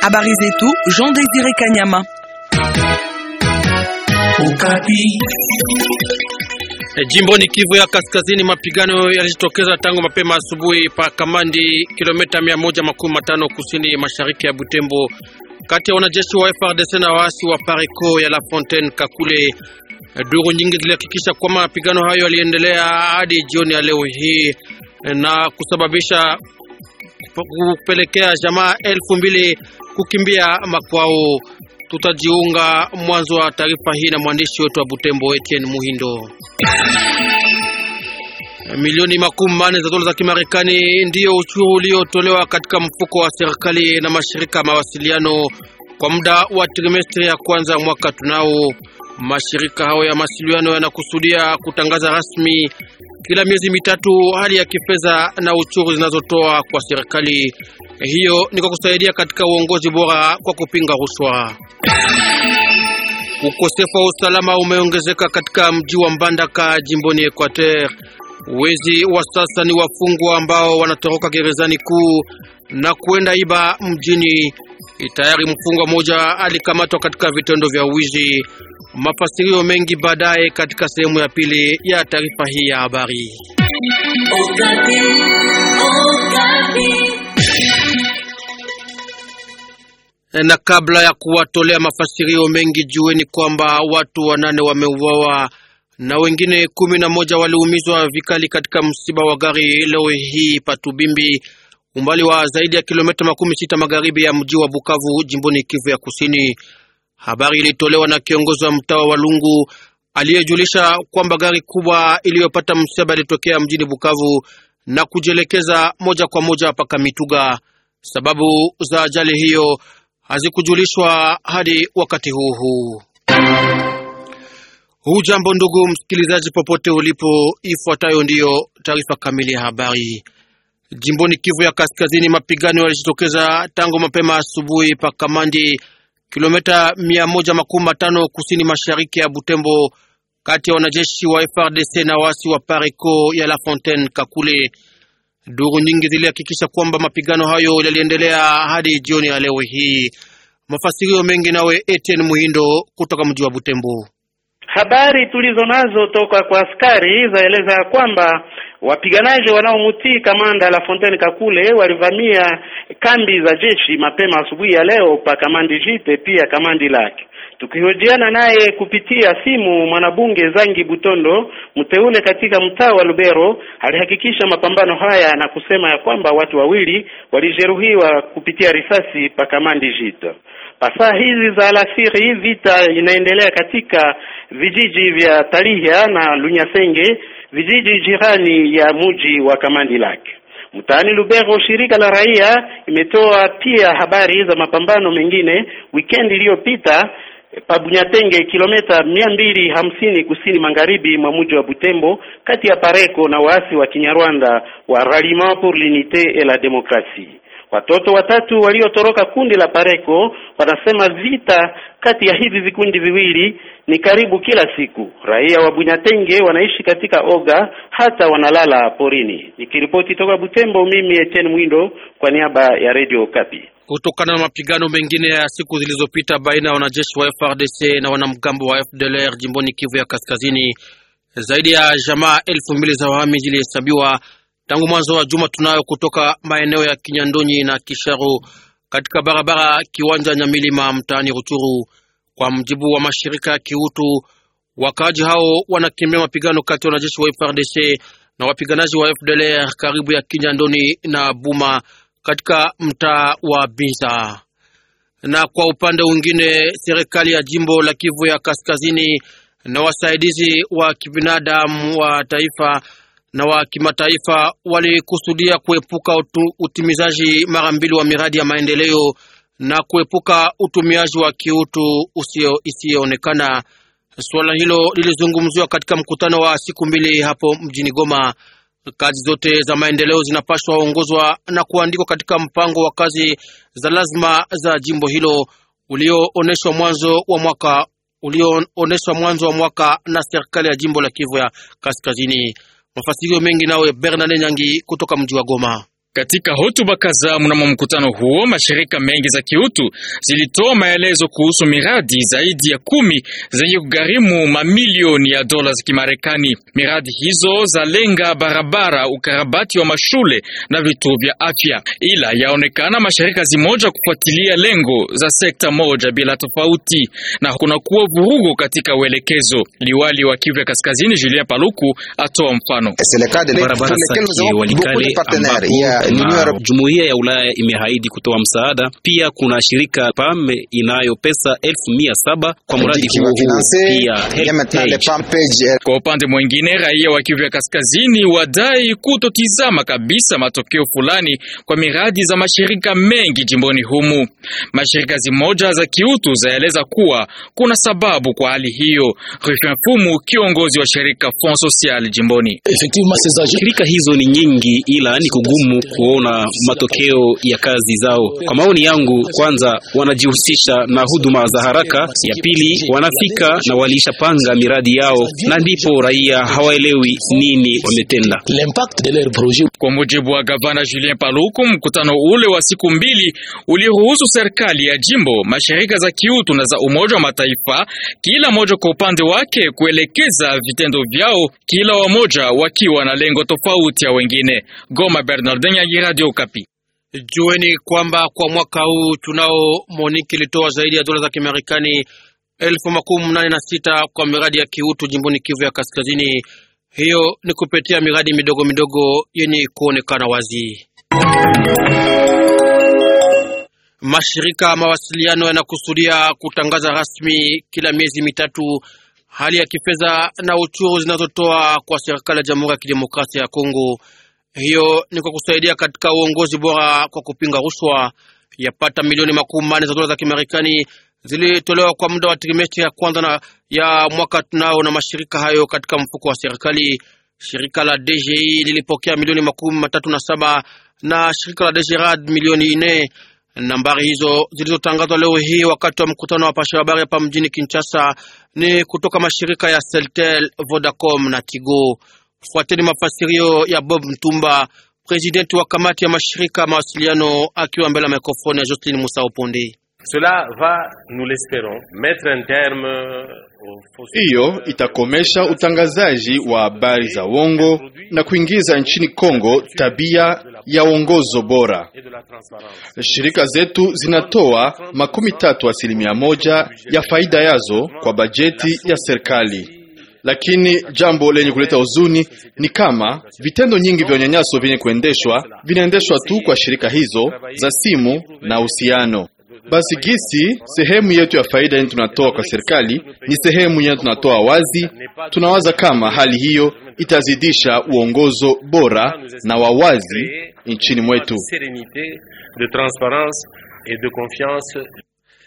Habari zetu Jean Désiré Kanyama. Okapi. Eh, ni Kivu ya Kaskazini, mapigano yalijitokeza tangu mapema asubuhi pa Kamandi, kilomita matano kusini mashariki ya Butembo, kati ya wanajeshi wa FRDC na waasi wa Pareco ya La Fontaine Kakule. Eh, duru nyingi zilihakikisha kwamba mapigano hayo yaliendelea hadi jioni ya leo hii na kusababisha kupelekea jamaa elfu mbili kukimbia makwao. Tutajiunga mwanzo wa taarifa hii na mwandishi wetu wa Butembo Etienne Muhindo. Milioni makumi mane za dola za Kimarekani ndiyo ushuru uliotolewa katika mfuko wa serikali na mashirika ya mawasiliano kwa muda wa trimestri ya kwanza mwaka tunao. Mashirika hayo ya mawasiliano yanakusudia kutangaza rasmi kila miezi mitatu hali ya kifedha na uchuru zinazotoa kwa serikali. Hiyo ni kwa kusaidia katika uongozi bora kwa kupinga rushwa. Ukosefu wa usalama umeongezeka katika mji wa Mbandaka jimboni Equateur. Wezi wa sasa ni wafungwa ambao wanatoroka gerezani kuu na kuenda iba mjini. Tayari mfungwa mmoja alikamatwa katika vitendo vya wizi. Mafasirio mengi baadaye katika sehemu ya pili ya taarifa hii ya habari. Na kabla ya kuwatolea mafasirio mengi, jueni kwamba watu wanane wameuawa na wengine kumi na moja waliumizwa vikali katika msiba wa gari leo hii Patubimbi, umbali wa zaidi ya kilomita makumi sita magharibi ya mji wa Bukavu, jimboni Kivu ya Kusini. Habari ilitolewa na kiongozi wa mtaa wa lungu aliyejulisha kwamba gari kubwa iliyopata msiba ilitokea mjini Bukavu na kujielekeza moja kwa moja paka Mituga. Sababu za ajali hiyo hazikujulishwa hadi wakati huu huu. Hujambo ndugu msikilizaji, popote ulipo, ifuatayo ndiyo taarifa kamili ya habari. Jimboni Kivu ya Kaskazini, mapigano yalijitokeza tangu mapema asubuhi pa Kamandi kilomita 115 kusini mashariki ya Butembo, kati ya wanajeshi wa FRDC na wasi wa Pareco ya La Fontaine Kakule. Duru nyingi zilihakikisha kwamba mapigano hayo yaliendelea hadi jioni ya leo hii. Mafasirio mengi nawe Etienne Muhindo kutoka mji wa Butembo. Habari tulizo nazo toka kwa askari zaeleza kwamba wapiganaji wanaomutii kamanda La Fontaine Kakule walivamia kambi za jeshi mapema asubuhi ya leo pa kamandi Jite pia kamandi lake. Tukihojiana naye kupitia simu, mwanabunge Zangi Butondo mteule katika mtaa wa Lubero alihakikisha mapambano haya na kusema ya kwamba watu wawili walijeruhiwa kupitia risasi pa kamandi Jite. Pasaa hizi za alasiri vita inaendelea katika vijiji vya Talihya na Lunyasenge, vijiji jirani ya muji wa Kamandi Lake. Mtaani Lubero, shirika la raia imetoa pia habari za mapambano mengine weekend iliyopita Pabunyatenge, kilomita mia mbili hamsini kusini magharibi mwa mji wa Butembo, kati ya Pareko na waasi wa Kinyarwanda wa Ralliement pour l'unité et la démocratie. Watoto watatu waliotoroka kundi la Pareko wanasema vita kati ya hivi vikundi viwili ni karibu kila siku. Raia wa Bunyatenge wanaishi katika oga, hata wanalala porini. Nikiripoti toka Butembo, mimi Etienne Mwindo kwa niaba ya Radio Kapi. Kutokana na mapigano mengine ya siku zilizopita baina ya wanajeshi wa FRDC na wanamgambo wa FDLR jimboni Kivu ya Kaskazini, zaidi ya jamaa elfu mbili za wahami zilihesabiwa Tangu mwanzo wa juma tunayo kutoka maeneo ya Kinyandonyi na Kisharo katika barabara kiwanja Nyamilima mtaani Ruchuru. Kwa mjibu wa mashirika ya kiutu, wakaaji hao wanakimbia mapigano kati ya wanajeshi wa frdc na wapiganaji wa FDLR karibu ya Kinyandoni na Buma katika mtaa wa Binza. Na kwa upande mwingine, serikali ya jimbo la Kivu ya Kaskazini na wasaidizi wa kibinadamu wa taifa na wa kimataifa walikusudia kuepuka utu, utimizaji mara mbili wa miradi ya maendeleo na kuepuka utumiaji wa kiutu isiyoonekana. Suala hilo lilizungumziwa katika mkutano wa siku mbili hapo mjini Goma. Kazi zote za maendeleo zinapaswa ongozwa na kuandikwa katika mpango wa kazi za lazima za jimbo hilo ulioonyeshwa mwanzo wa mwaka ulioonyeshwa mwanzo wa mwaka na serikali ya jimbo la Kivu ya Kaskazini. Mafasirio mengi nawe Bernard Nyangi kutoka mji wa Goma. Katika hotuba kadhaa mnamo mkutano huo, mashirika mengi za kiutu zilitoa maelezo kuhusu miradi zaidi ya kumi zenye kugharimu mamilioni ya dola za Kimarekani. Miradi hizo zalenga barabara, ukarabati wa mashule na vituo vya afya, ila yaonekana mashirika zimoja kufuatilia lengo za sekta moja bila tofauti, na kunakuwa vurugu katika uelekezo. Liwali wa Kivu ya Kaskazini Julien Paluku atoa mfano barabara no. Jumuiya ya Ulaya imeahidi kutoa msaada. Pia kuna shirika PAM inayo pesa elfu mia saba kwa mradi huo huo. Pia kwa upande mwingine, raia wa Kivu ya Kaskazini wadai kutotizama kabisa matokeo fulani kwa miradi za mashirika mengi jimboni humu. Mashirika zimoja za kiutu zaeleza kuwa kuna sababu kwa hali hiyo. Rufin Fumu, kiongozi wa shirika Fonds Social jimboni: shirika hizo ni nyingi, ila ni kugumu kuona matokeo ya kazi zao. Kwa maoni yangu, kwanza wanajihusisha na huduma za haraka, ya pili wanafika na walishapanga miradi yao, na ndipo raia hawaelewi nini wametenda. Kwa mujibu wa gavana Julien Paluku, mkutano ule wa siku mbili uliruhusu serikali ya jimbo, mashirika za kiutu na za Umoja wa Mataifa, kila moja kwa upande wake kuelekeza vitendo vyao, kila wamoja wakiwa na lengo tofauti ya wengine. Goma, Bernardin yenye Radio Kapi. Jueni kwamba kwa mwaka huu tunao Monique ilitoa zaidi ya dola za Kimarekani elfu makumi nane na sita kwa miradi ya kiutu jimboni Kivu ya Kaskazini. Hiyo ni kupitia miradi midogo midogo yenye kuonekana wazi. Mashirika ya mawasiliano yanakusudia kutangaza rasmi kila miezi mitatu hali ya kifedha na uchuru zinazotoa kwa serikali ya Jamhuri ya Kidemokrasia ya Kongo. Hiyo ni kwa kusaidia katika uongozi bora kwa kupinga rushwa. Yapata milioni makumi manne za dola za Kimarekani zilitolewa kwa muda wa trimesti ya kwanza na ya mwaka tunao na mashirika hayo katika mfuko wa serikali. Shirika la DGI lilipokea milioni makumi matatu na saba na shirika la DGRAD milioni ine. Nambari hizo zilizotangazwa leo hii wakati wa mkutano wa pasha habari hapa mjini Kinshasa ni kutoka mashirika ya Celtel, Vodacom na Tigo. Fuateni mafasirio ya Bob Mtumba, presidenti wa kamati ya mashirika mawasiliano, akiwa mbele ya mikrofoni ya Jocelyn Musao Ponde. Cela va nous l'espérons mettre un terme hiyo itakomesha utangazaji wa habari za uongo na kuingiza nchini Kongo tabia ya uongozo bora. Shirika zetu zinatoa makumi tatu asilimia moja ya faida yazo kwa bajeti ya serikali. Lakini jambo lenye kuleta huzuni ni kama vitendo nyingi vya unyanyaso vyenye kuendeshwa vinaendeshwa tu kwa shirika hizo za simu na uhusiano. Basi gisi sehemu yetu ya faida yenye tunatoa kwa serikali ni sehemu yenye tunatoa wazi. Tunawaza kama hali hiyo itazidisha uongozo bora na wawazi nchini mwetu.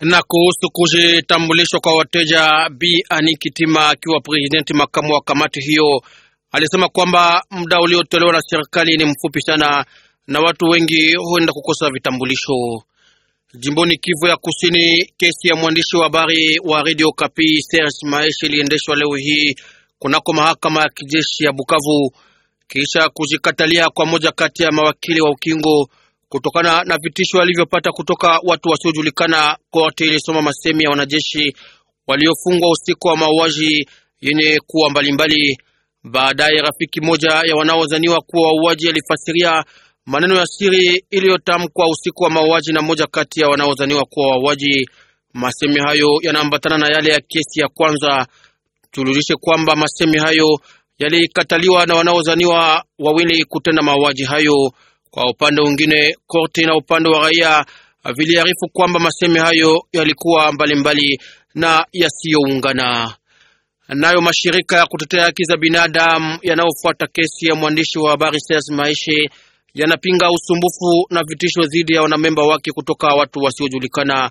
Na kuhusu kujitambulishwa kwa wateja, b Ani Kitima akiwa presidenti makamu wa kamati hiyo alisema kwamba muda uliotolewa na serikali ni mfupi sana na watu wengi huenda kukosa vitambulisho. Jimboni Kivu ya Kusini, kesi ya mwandishi wa habari wa Radio Kapi Serge Maeshi iliendeshwa leo hii kunako mahakama ya kijeshi ya Bukavu kisha kujikatalia kwa moja kati ya mawakili wa ukingo kutokana na vitisho alivyopata kutoka watu wasiojulikana. Korte ilisoma masemi ya wanajeshi waliofungwa usiku wa mauaji yenye kuwa mbalimbali. Baadaye rafiki moja ya wanaozaniwa kuwa wauaji alifasiria maneno ya siri iliyotamkwa usiku wa mauaji na moja kati ya wanaozaniwa kuwa wauaji. Masemi hayo yanaambatana na yale ya kesi ya kwanza. Tujulishe kwamba masemi hayo yalikataliwa na wanaozaniwa wawili kutenda mauaji hayo. Kwa upande mwingine, korti na upande wa raia uh, viliarifu kwamba masemi hayo yalikuwa mbalimbali na yasiyoungana. Nayo mashirika ya kutetea haki za binadamu yanayofuata kesi ya mwandishi wa habari Serge Maishe yanapinga usumbufu na vitisho dhidi ya wanamemba wake kutoka watu wasiojulikana.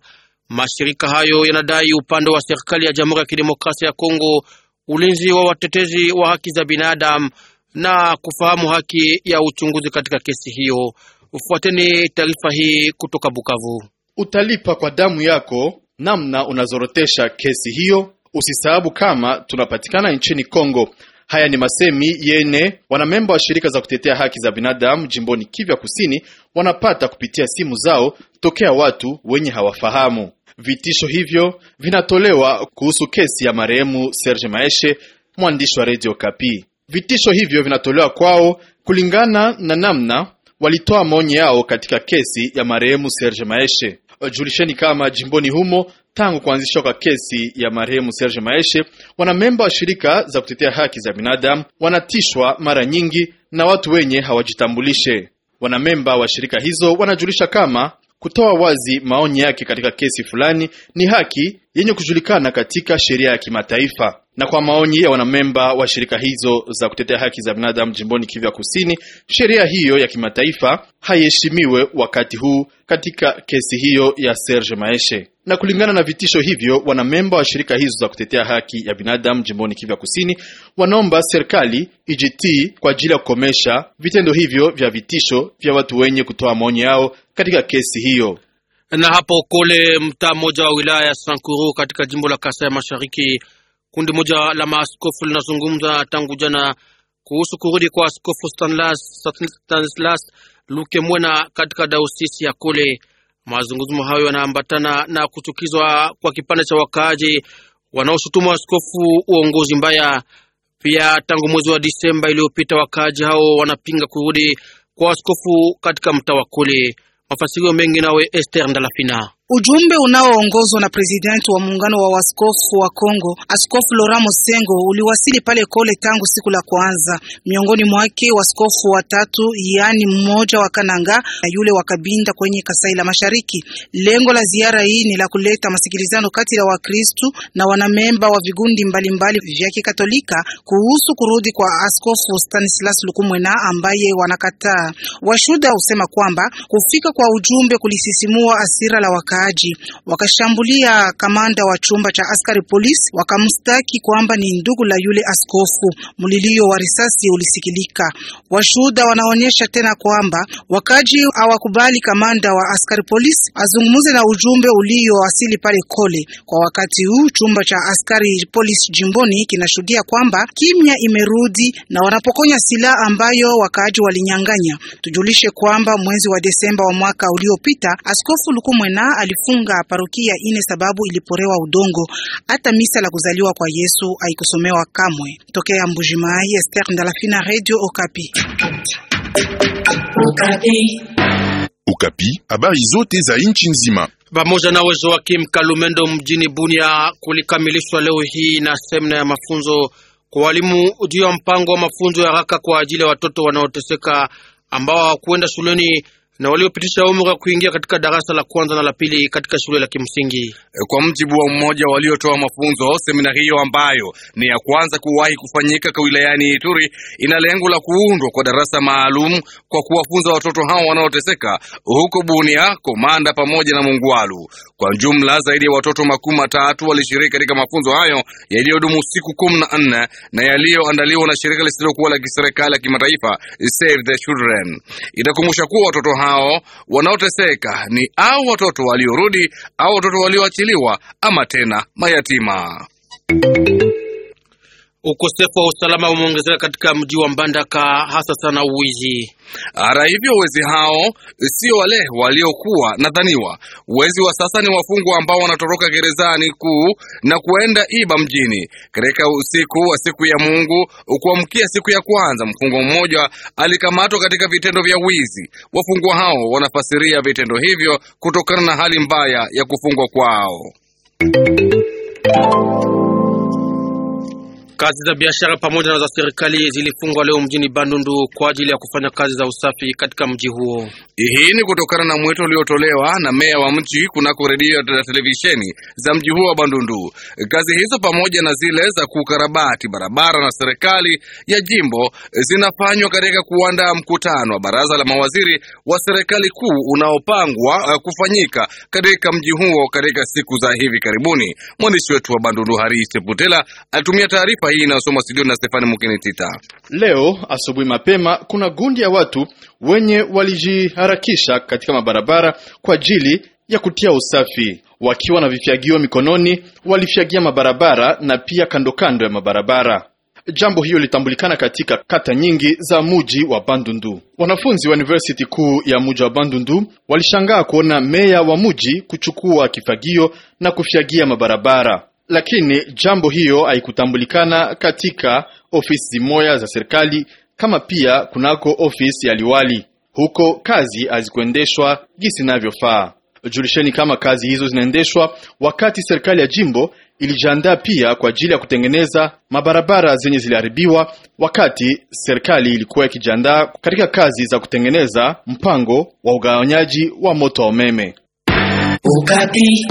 Mashirika hayo yanadai upande wa serikali ya Jamhuri ya Kidemokrasia ya Kongo ulinzi wa watetezi wa haki za binadamu na kufahamu haki ya uchunguzi katika kesi hiyo. Ufuateni taarifa hii kutoka Bukavu. Utalipa kwa damu yako, namna unazorotesha kesi hiyo. Usisahabu kama tunapatikana nchini Kongo. Haya ni masemi yene wanamemba wa shirika za kutetea haki za binadamu jimboni Kivu Kusini wanapata kupitia simu zao tokea watu wenye hawafahamu. Vitisho hivyo vinatolewa kuhusu kesi ya marehemu Serge Maeshe, mwandishi wa Radio Kapii. Vitisho hivyo vinatolewa kwao kulingana na namna walitoa maoni yao katika kesi ya marehemu Serge Maeshe. Julisheni kama jimboni humo tangu kuanzishwa kwa kesi ya marehemu Serge Maeshe, wanamemba wa shirika za kutetea haki za binadamu wanatishwa mara nyingi na watu wenye hawajitambulishe. Wanamemba wa shirika hizo wanajulisha kama kutoa wazi maoni yake katika kesi fulani ni haki yenye kujulikana katika sheria ya kimataifa. Na kwa maoni ya wanamemba wa shirika hizo za kutetea haki za binadamu jimboni Kivu ya Kusini, sheria hiyo ya kimataifa haiheshimiwe wakati huu katika kesi hiyo ya Serge Maeshe. Na kulingana na vitisho hivyo, wanamemba wa shirika hizo za kutetea haki ya binadamu jimboni Kivu ya Kusini wanaomba serikali ijitii kwa ajili ya kukomesha vitendo hivyo vya vitisho vya watu wenye kutoa maoni yao katika kesi hiyo. Na hapo Kole, mtaa mmoja wa wilaya ya Sankuru katika jimbo la Kasai ya Mashariki, kundi moja la maaskofu linazungumza tangu jana kuhusu kurudi kwa askofu Stanislas, Luke Mwena katika daosisi ya Kole. Mazungumzo hayo yanaambatana na kuchukizwa kwa kipande cha wakaaji wanaoshutumu askofu uongozi mbaya. Pia tangu mwezi wa Disemba iliyopita wakaaji hao wanapinga kurudi kwa askofu katika mtaa wa Kole mafasiriyo mengi nawe Esther Ndalafina. Ujumbe unaoongozwa na presidenti wa muungano wa waskofu wa Kongo, Askofu Laurent Mosengo, uliwasili pale Kole tangu siku la kwanza. Miongoni mwake waskofu watatu, yaani mmoja wa Kananga na yule wa Kabinda kwenye Kasai la Mashariki. Lengo la ziara hii ni la kuleta masikilizano kati ya Wakristu na wanamemba wa vigundi mbalimbali vya Kikatolika kuhusu kurudi kwa Askofu Stanislas Lukumwena ambaye wanakataa. Washuda husema kwamba kufika kwa ujumbe kulisisimua asira la wakati wakaaji, wakashambulia kamanda wa chumba cha askari polisi, wakamstaki kwamba ni ndugu la yule askofu. Mlilio wa risasi ulisikilika. Washuhuda wanaonyesha tena kwamba wakaaji hawakubali kamanda wa askari polisi azungumze na ujumbe uliowasili pale Kole. Kwa wakati huu chumba cha askari polisi jimboni kinashuhudia kwamba kimya imerudi na wanapokonya silaha ambayo wakaaji walinyang'anya. Tujulishe kwamba mwezi wa Desemba wa mwaka uliopita askofu Lukumwena walifunga parokia ine sababu iliporewa udongo. Hata misa la kuzaliwa kwa Yesu haikusomewa kamwe. Tokea Mbujimai, Esther Ndalafina, Radio Okapi. Okapi, Okapi, habari zote za inchi nzima pamoja nawe Joakim Kalumendo mjini Bunia kulikamilishwa leo hii na semina ya mafunzo kwa walimu juu ya mpango wa mafunzo ya haraka kwa ajili ya watoto wanaoteseka ambao hawakuenda shuleni na waliopitisha umri wa kuingia katika darasa la kwanza na la pili katika shule la kimsingi. Eh, kwa mjibu wa mmoja waliotoa mafunzo, semina hiyo ambayo ni ya kwanza kuwahi kufanyika kwa wilayani Ituri ina lengo la kuundwa kwa darasa maalum kwa kuwafunza watoto hao wanaoteseka huko Bunia, Komanda pamoja na Mungwalu. Kwa jumla zaidi ya watoto makumi matatu walishiriki katika mafunzo hayo yaliyodumu siku kumi na nne na yaliyoandaliwa na shirika lisilokuwa la kiserikali la kimataifa Save the Children. Itakumbusha kuwa watoto hao nao wanaoteseka ni au watoto waliorudi au watoto walioachiliwa ama tena mayatima. Ukosefu wa usalama umeongezeka katika mji wa Mbandaka, hasa sana uwizi. Hata hivyo, wezi hao sio wale waliokuwa nadhaniwa. Wezi wa sasa ni wafungwa ambao wanatoroka gerezani kuu na kuenda iba mjini. Katika usiku wa siku ya Mungu kuamkia siku ya kwanza, mfungwa mmoja alikamatwa katika vitendo vya wizi. Wafungwa hao wanafasiria vitendo hivyo kutokana na hali mbaya ya kufungwa kwao. Kazi za biashara pamoja na za serikali zilifungwa leo mjini Bandundu kwa ajili ya kufanya kazi za usafi katika mji huo. Hii ni kutokana na mwito uliotolewa na meya wa mji kunako redio na televisheni za mji huo wa Bandundu. Kazi hizo pamoja na zile za kukarabati barabara na serikali ya jimbo zinafanywa katika kuandaa mkutano wa baraza la mawaziri wa serikali kuu unaopangwa uh, kufanyika katika mji huo katika siku za hivi karibuni. Mwandishi wetu wa Bandundu Haris Putela alitumia taarifa taarifa hii inayosomwa studio na Stefani Mukinitita. Leo asubuhi mapema, kuna gundi ya watu wenye walijiharakisha katika mabarabara kwa ajili ya kutia usafi wakiwa na vifyagio mikononi, walifyagia mabarabara na pia kando kando ya mabarabara. Jambo hiyo litambulikana katika kata nyingi za muji wa Bandundu. Wanafunzi wa university kuu ya muji wa Bandundu walishangaa kuona meya wa muji kuchukua kifagio na kufyagia mabarabara lakini jambo hiyo haikutambulikana katika ofisi zimoya za serikali kama pia kunako ofisi ya liwali. Huko kazi hazikuendeshwa jinsi inavyofaa. Julisheni kama kazi hizo zinaendeshwa wakati serikali ya jimbo ilijiandaa pia kwa ajili ya kutengeneza mabarabara zenye ziliharibiwa, wakati serikali ilikuwa ikijiandaa katika kazi za kutengeneza mpango wa ugawanyaji wa moto wa umeme ukati